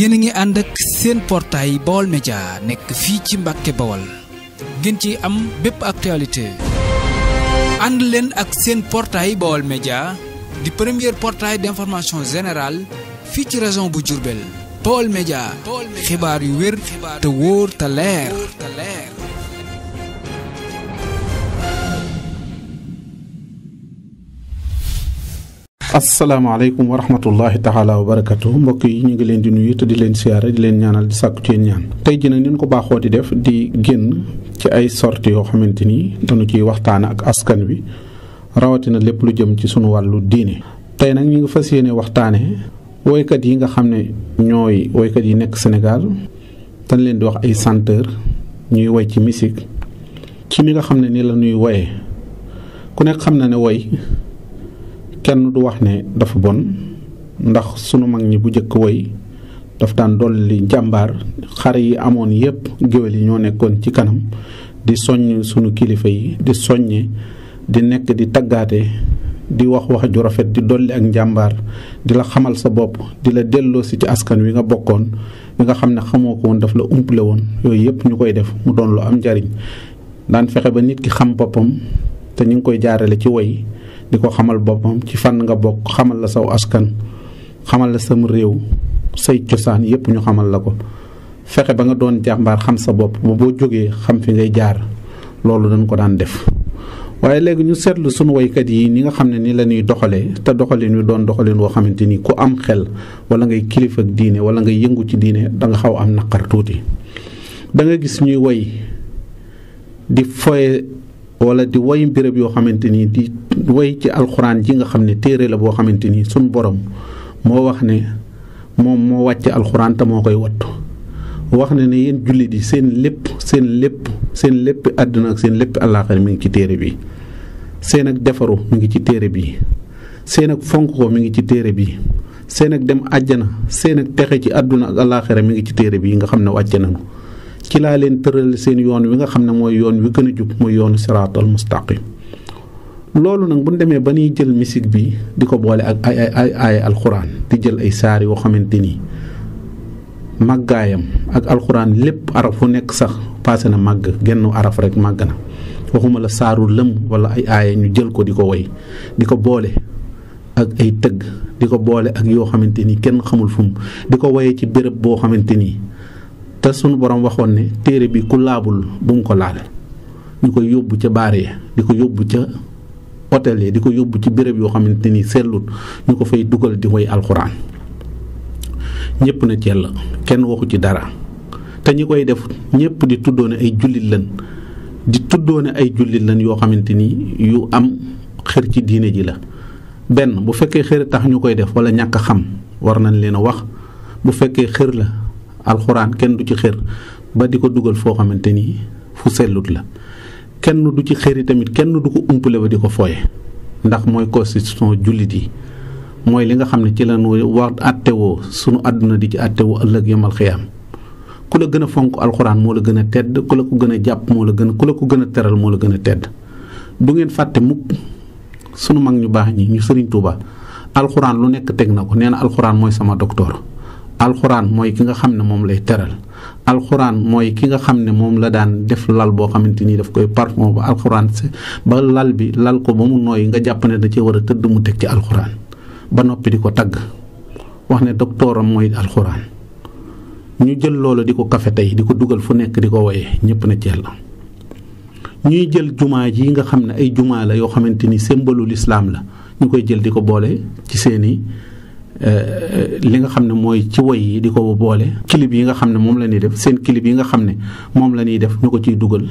yéen a ngi ànd ak seen portail Baol Média nekk fii ci Mbàkke Baol ngeen ci am bépp actualité ànd leen ak seen portail Baol Média di premier portail d'information général fii ci région bu Diourbel Baol Média xibaar yu wér te wóor te leer asalaamaaleykum wa rahmatullahi taala wa barakatu mbokk yi ñu ngi leen di nuyu te di leen siyaare di leen ñaanal di sàkku ci yéen ñaan tey ji nag ni ñu ko baaxoo di def di génn ci ay sorties yoo xamante ni dañu ciy waxtaan ak askan wi rawatina lépp lu jëm ci sunu wàllu diine. tey nag ñu ngi fas yéene waxtaanee woykat yi nga xam ne ñooy woykat yi nekk Sénégal dañ leen di wax ay chanteur ñuy woy ci musique ci mi nga xam ne ni la ñuy woyee ku nekk xam na ne woy kenn du wax ne dafa bon ndax sunu mag ñi bu jëkk woy daf daan dolli njàmbaar xare yi amoon yépp géwél yi ñoo nekkoon ci kanam di soññ sunu kilifa yi di soññe di nekk di taggaate di wax wax ju rafet di dolli ak njàmbaar di la xamal sa bopp di la delloosi ci askan wi nga bokkoon bi nga xam ne xamoo ko woon daf la umpale woon yooyu yépp ñu koy def mu doon lu am njariñ daan fexe ba nit ki xam boppam te ñu ngi koy jaarale ci woy di ko xamal boppam ci fànn nga bokk xamal la saw askan xamal la sam réew say cosaan yépp ñu xamal la ko fexe ba nga doon jàmbaar xam sa bopp ba boo jógee xam fi ngay jaar loolu dañ ko daan def waaye léegi ñu seetlu sunu woykat yi ni nga xam ne ni la ñuy doxalee te doxalin wi doon doxalin woo xamante ni ku am xel wala ngay kilifa diine wala ngay yëngu ci diine da nga xaw am naqar tuuti da gis ñuy way di foye wala di woy mbirab yoo xamante nii di woy ci alxuraan ji nga xam ne téere la boo xamante ni suñ borom moo wax ne moom moo wàcc alxuraan te moo koy wattu wax na ne yéen jullit yi seen lépp seen lépp seen lépp àdduna ak seen lépp àllaaxira mi ngi ci téere bi seen ak defaru mi ngi ci téere bi seen ak fonk ko mi ngi ci téere bi seen ak dem àjjana seen ak texe ci àdduna ak àllaaxira mi ngi ci téere bi nga xam ne wàcce nañu ci laa leen tëral seen yoon wi nga xam ne mooy yoon wi gën a jub muy yoonu siraatal mustaqim loolu nag bu ñu demee ba ñuy jël misik bi di ko boole ak ay alxuraan di jël ay saar yoo xamante ni màggaayam ak alxuraan lépp araf nekk sax paase na màgg genn araf rek màgg waxuma la saaru lëm wala ay aaya ñu jël ko di ko woy di ko boole ak ay tëgg di ko boole ak yoo xamante ni kenn xamul fu di ko woyee ci béréb boo xamante ni. te sunu borom waxoon ne téere bi ku laabul bu mu ko laal ñu koy yóbbu ca baar ya di ko yóbbu ca hôtel ya di ko yóbbu ci béréb yoo xamante ni seetlut ñu ko fay dugal di koy alxuraan ñëpp na la kenn waxu ci dara te ñi koy def ñëpp di tuddoone ay jullit lan di tuddoone ay jullit lan yoo xamante ni yu am xër ci diine ji la benn bu fekkee xër tax ñu koy def wala ñàkk xam war nañ leen a wax bu fekkee xër la alxuraan kenn du ci xër ba di ko dugal foo xamante ni fu sellut la kenn du ci xëri tamit kenn du ko umpale ba di ko fooye ndax mooy constitution jullit yi mooy li nga xam ne ci la ñu war àttewoo sunu àdduna di ci àttewoo ëllëg yomal xiyaam ku la gën a fonk alxuraan moo la gën a tedd ku la ko gën a jàpp moo la gën ku la ko gën a teral moo la gën a tedd du ngeen fàtte mukk sunu mag ñu baax ñi ñu sëriñ Tuuba alxuraan lu nekk teg na ko nee na alxuraan mooy sama docteur alxuraan mooy ki nga xam ne moom lay teral alxuraan mooy ki nga xam ne moom la daan def lal boo xamante ni daf koy parfum ba alxuraan ba lal bi lal ko ba mu nooy nga jàpp ne da cee war a tëdd mu teg ci alxuraan ba noppi di ko tagg wax ne doktooram mooy alxuraan ñu jël loolu di ko kafe tey di ko dugal fu nekk di ko woyee ñëpp na ceel la ñuy jël jumaa ji nga xam ne ay jumaa la yoo xamante ni sëmbalu lislaam la ñu koy jël di ko boole ci seeni Euh, li nga xam ne mooy ci woy yi di ko boole clip yi nga xam ne moom la ñuy def seen clip yi nga xam ne moom la ñuy def ñu ko ciy dugal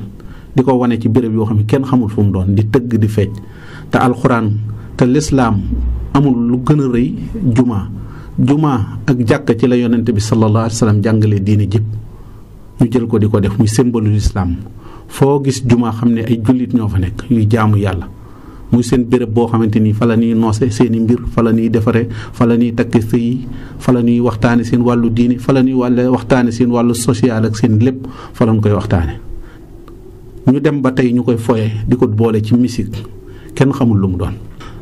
di ko wane ci béréb yoo xam ne kenn xamul fu mu doon di tëgg di fecc te alxuraan te lislaam amul lu gën a rëy jumaa jumaa ak jàkk ci la yonent bi sallallahu alayhi wa sallam jàngale diine jëpp ñu jël ko di ko def muy symbole lislaam foo gis jumaa xam ne ay jullit ñoo fa nekk yuy jaamu yàlla muy seen béréb boo xamante ni fa la ñuy noose seen i mbir fala la ñuy defaree fa la ñuy takk sëy fa la ñuy waxtaane seen wàllu diini fala la ñuy wàlle waxtaane seen wàllu social ak seen lépp fa lañ koy waxtaane ñu dem ba tey ñu koy foye di ko boole ci musique kenn xamul lu mu doon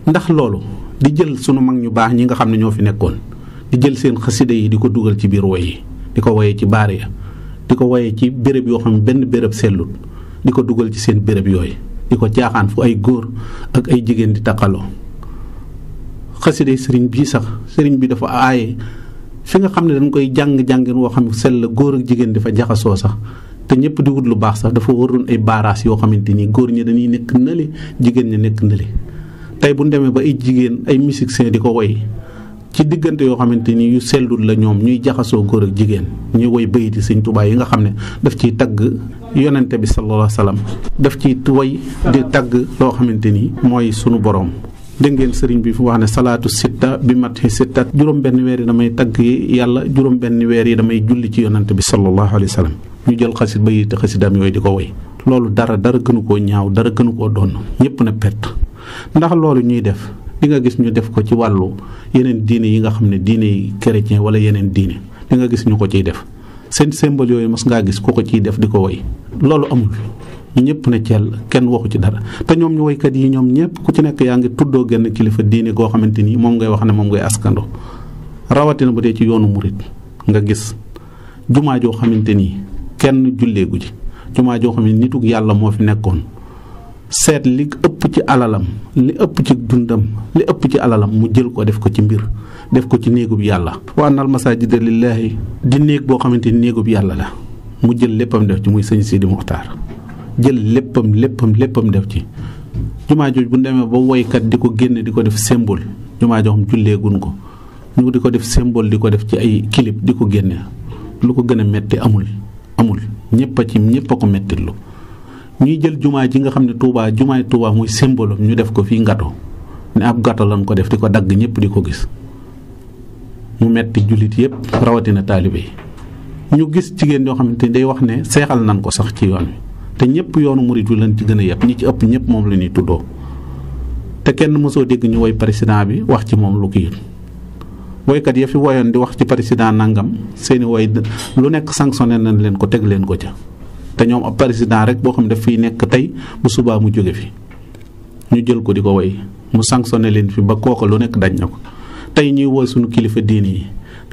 ndax loolu di jël sunu mag ñu baax ñi nga xam ne ñoo fi nekkoon di jël seen xasida yi di ko dugal ci biir woy yi di ko woyee ci baar ya di ko woyee ci béréb yoo xam benn béréb sellul di ko dugal ci seen béréb yooyu di ko caaxaan fu ay góor ak ay jigéen di taqaloo xasida sëriñ bii sax sëriñ bi dafa aaye fi nga xam ne dañ koy jàng jàngin woo xam ne sell la góor ak jigéen di fa jaxasoo sax te ñëpp di wut lu baax sax dafa waroon ay baaraas yoo xamante ni góor ñi dañuy nekk nële jigéen ñi nekk nële tey bu ñu demee ba ay jigéen ay musiciens di ko woy ci diggante yoo xamante ni yu sellul la ñoom ñuy jaxasoo góor ak jigéen ñuy woy bayiti sëñ tubaay yi nga xam ne daf ciy tagg yonente bi sallallahu alayhi wasallam daf ciy woy di tagg loo xamante ni mooy sunu boroom dégg ngeen sëriñ bi fu wax ne salaatu sitta bi mat xi sitta juróom benn weer yi damay tagg yàlla juróom benn weer yi damay julli ci yonante bi sallallahu alayhi wa sallam ñu jël xasit ba yite xasidaam yooyu di ko woy loolu dara dara gënu koo ñaaw dara gënu koo doon ñëpp na pett ndax loolu ñuy def di nga gis ñu def ko ci wàllu yeneen diine yi nga xam ne diine yi chrétien wala yeneen diine di nga gis ñu ko ciy def seen symbole yooyu mas ngaa gis ku ko ciy def di ko woy loolu amul ñu ñëpp ne ceel kenn waxu ci dara te ñoom ñu woykat yi ñoom ñëpp ku ci nekk yaa ngi tuddoo genn kilifa diine goo xamante nii moom ngay wax ne moom ngay askando rawatina bu dee ci yoonu murit nga gis jumaa joo xamante ni kenn julleegu ci jumaa joo xam ne nitug yàlla moo fi nekkoon seet li ëpp ci alalam li ëpp ci dundam li ëpp ci alalam mu jël ko def ko ci mbir def ko ci néegub yàlla wa annal masaajida lillaahi di néeg boo xamante ni néegub yàlla la mu jël léppam def ci muy sëñ Sidi Muxtaar jël léppam léppam léppam def ci jumaa jooj bu demee ba woykat di ko génne di ko def symbole jumaa joo xam julleegun ko ñu di ko def symbole di ko def ci ay clip di ko génne lu ko gën a metti amul amul ñëpp a ci ñëpp a ko metti ñuy jël jumaa ji nga xam ne Touba jumaay Touba muy symbole ñu def ko fii ngato ne ab gato lañ ko def di ko dagg ñëpp di ko gis mu metti jullit yëpp rawatina taalibe yi ñu gis jigéen yoo xamante ni day wax ne seexal nañ ko sax ci yoon te ñëpp yoonu murit wi ci gën a yëpp ñi ci ëpp ñëpp moom la ñuy tuddoo te kenn mosoo dégg ñu woy président bi wax ci moom lu kii woykat ya fi woyoon di wax ci président nangam seeni woy lu nekk sanctionné nañ leen ko teg leen ko ca te ñoom ab président rek boo xam ne daf fiy nekk tey bu subaa mu jóge fi ñu jël ko di ko woy mu sanctionné leen fi ba kooka lu nekk dañ na ko tey ñuy woy suñu kilifa diin yi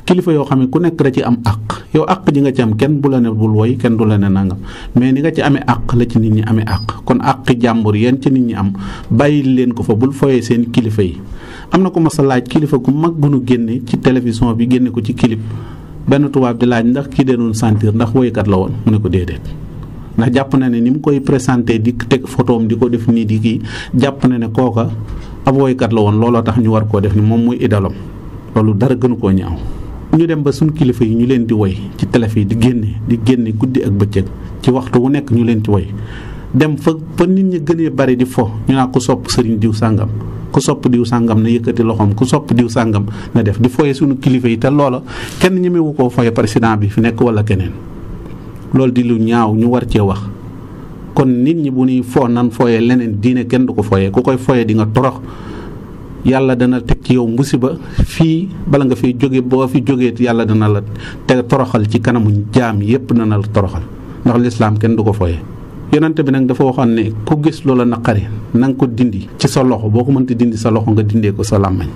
kilifa yoo xam ne ku nekk da ci am àq yow àq ji nga ci am kenn bu la ne bul woy kenn du la ne nangam mais ni nga ci amee àq la ci nit ñi amee àq kon àqi jàmbur yéen ci nit ñi am bàyyil leen ko fa bul foyee seen kilifa yi. am na ko mas laaj kilifa gu mag gu nu génne ci télévision bi génne ko ci clip benn tubaab di laaj ndax kii de doon sentir ndax woykat la woon mu ne ko déedéet. ndax jàpp na ne ni mu koy présenté di teg photoom di ko def nii di kii jàpp na ne kooka ab woykat la woon looloo tax ñu war koo def ni moom muy idolom loolu dara gënu koo ñaaw ñu dem ba suñu kilifa yi ñu leen di woy ci télé yi di génne di génne guddi ak bëccëg ci waxtu wu nekk ñu leen di woy dem fa fa nit ñi gënee bari di fo ñu naa ku sopp sëriñ diw sàngam ku sopp diw sàngam na yëkkati loxoom ku sopp diw sàngam na def di foye suñu kilifa yi te loola kenn ñemewu koo foye président bi fi nekk wala keneen loolu di lu ñaaw ñu war cee wax kon nit ñi bu ñuy foo nan fooyee leneen diine kenn du ko fooyee ku koy fooyee di nga torox yàlla dana teg ci yow musiba fii bala nga fiy jóge boo fi jógee yàlla dana la te toroxal ci kanamu jaam yépp dana la toroxal ndax lislaam kenn du ko fooyee yonent bi nag dafa waxoon ne ku gis loola naqari na nga ko dindi ci sa loxo boo ko mënta dindi sa loxo nga dindee ko sa làmmañ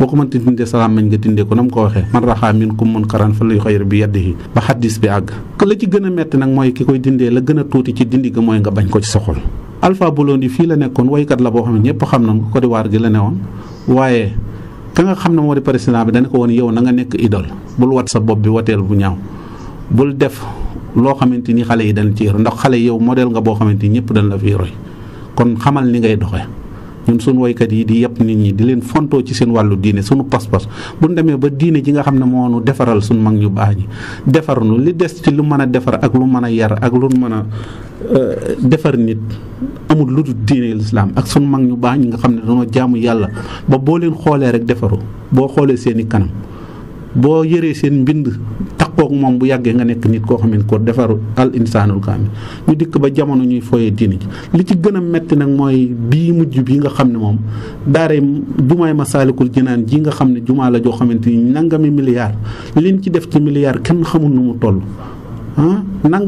boo ko mënta dindee salaam mañ nga dindee ko na mu ko waxee man raxaa min kum mun karan fa lay xayr bi yaddihi ba xaddis bi àgg la ci gën a metti nag mooy ki koy dindee la gën tuuti ci dindi ga mooy nga bañ ko ci soxol Alpha Blondy fii la nekkoon woykat la boo xam ne ñëpp xam na ko Côte d'Ivoire gi la newoon nga xam ne moo di président bi dana ko woon yow na nga nekk idole bul wat sa bopp bi wateel bu ñaaw bul def loo xamante ni xale yi dañ ci yor ndax xale yow modèle nga boo xamante ni ñëpp dañ la fiy roy kon xamal ni ngay doxee ñun suñu woykat yi di yëpp nit ñi di leen fontoo ci seen wàllu diine suñu pas-pas bu ñu demee ba diine ji nga xam ne moo nu defaral suñu mag ñu baax ñi defar nu des ci lu mën a defar ak lu mën a yar ak lu mën a euh, defar nit amul lu dul diine lislaam ak suñu mag ñu baax ñi nga xam ne dañoo jàmm yàlla ba boo leen xoolee rek defaru boo xoolee seeni i kanam boo yëree seen mbind kooku moom bu yàggee nga nekk nit koo xam ne ko defaru al insaanul kaamil ñu dikk ba jamono ñuy fooyee diini ji li ci gën a metti nag mooy bii mujj bii nga xam ne moom daaree jumaay masaalikul jinaan ji nga xam ne jumaa la joo xamante ni nangami milliard liñ ci def ci milliard kenn xamul nu mu toll ah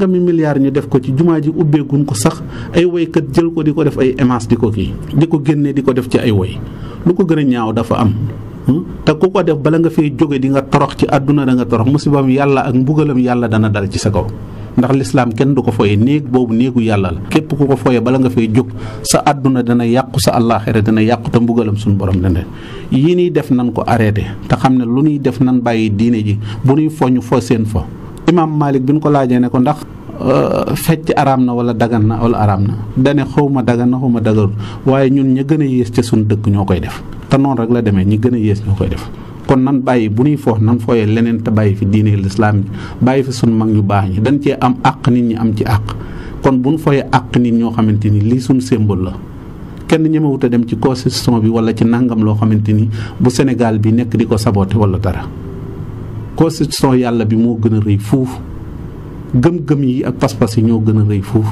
mi milliards ñu def ko ci jumaa ji ubbeeguñ ko sax ay woykat jël ko di ko def ay émence di ko kii di ko génne di ko def ci ay woy lu ko gën a ñaaw dafa am Hmm? te ku ko def bala nga fee jóge di nga torox ci àdduna da nga torox musibam yàlla ak mbugalam yàlla dana dal ci sa kaw ndax lislaam kenn du ko foye néeg boobu néegu yàlla la képp ku ko foye bala nga fee jóg sa àdduna dana yàqu sa àllaaxira dana yàqu te mbugalam suñu borom dana yi ñuy def nan ko arrêté te xam ne lu nuy def nan bàyyi diine ji bu ñuy fo ñu fo seen fo imaam Malik bi ñu ko laajee ne ko ndax euh, fecc araam na wala dagan na wala araam na dane xaw ma na xaw ma dagarul waaye ñun ña gën a yées ca suñu dëkk ñoo koy def te noonu rek la demee ñi gën a yées ñoo koy def kon nan bàyyi bu ñuy foox nan fooyee leneen te bàyyi fi diine lislaam bàyyi fi sunu mag ñu baax ñi dañ cee am àq nit ñi am ci àq kon bu ñu fooyee àq nit ñoo xamante ni li suñ symbole la kenn ñemewut a dem ci constitution bi wala ci nangam loo xamante ni bu Sénégal bi nekk di ko saboote wala dara constitution yàlla bi moo gën a rëy fuufu gëm-gëm yi ak pas-pas yi ñoo gën a rëy fuuf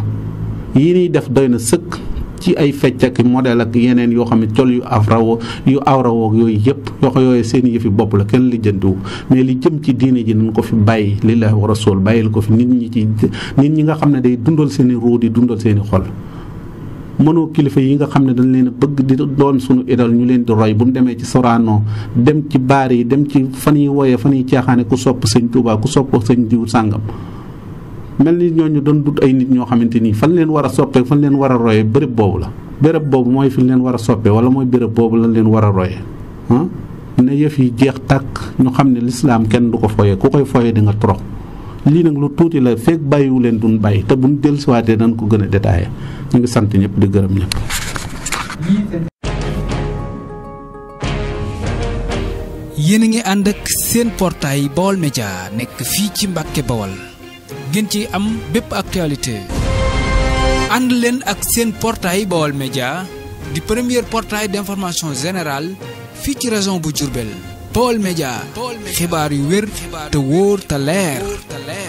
yi ñuy def doy na sëkk. ci ay fecc ak modèle ak yeneen yoo xam ne col yu awrawo yu awrawoog yooyu yëpp yoo xam yooyu seen yëfi bopp la kenn lijjantiwu mais li jëm ci diine ji nañ ko fi bàyyi li wa rasul bàyyil ko fi nit ñi ci nit ñi nga xam ne day dundal seeni i ruu di dundal seeni xol mënoo kilifa yi nga xam ne dañ leen bëgg di doon suñu idol ñu leen di roy bu mu demee ci Sorano dem ci baar yi dem ci fan yi woyee fan yi caaxaane ku sopp sëñ Tuubaa ku sopp sañ diw sàngam mel ni ñooñu doon dut ay nit ñoo xamante ni fan leen war a soppee fan leen war royee béréb boobu la bërëb boobu mooy fi leen wara a soppee wala mooy béréb boobu lañ leen war a royee ah ne yëf yi jeex tàkk ñu xam ne lislaam kenn du ko foyee ku koy foyee di nga lii nag lu tuuti la fekk bàyyiwu leen duñ bàyyi te buñ dellusiwaatee dañ ko gën a détaillé ñu ngi sant ñëpp di gërëm ñëpp. yéen a ngi ànd seen portail Baol Média nekk fii ci Mbàkke ngeen ci am bépp actualité ànd leen ak seen portail Baol Média di premier portail d'information générale fii ci région bu Diourbel Baol Média xibaar yu wér te wóor te leer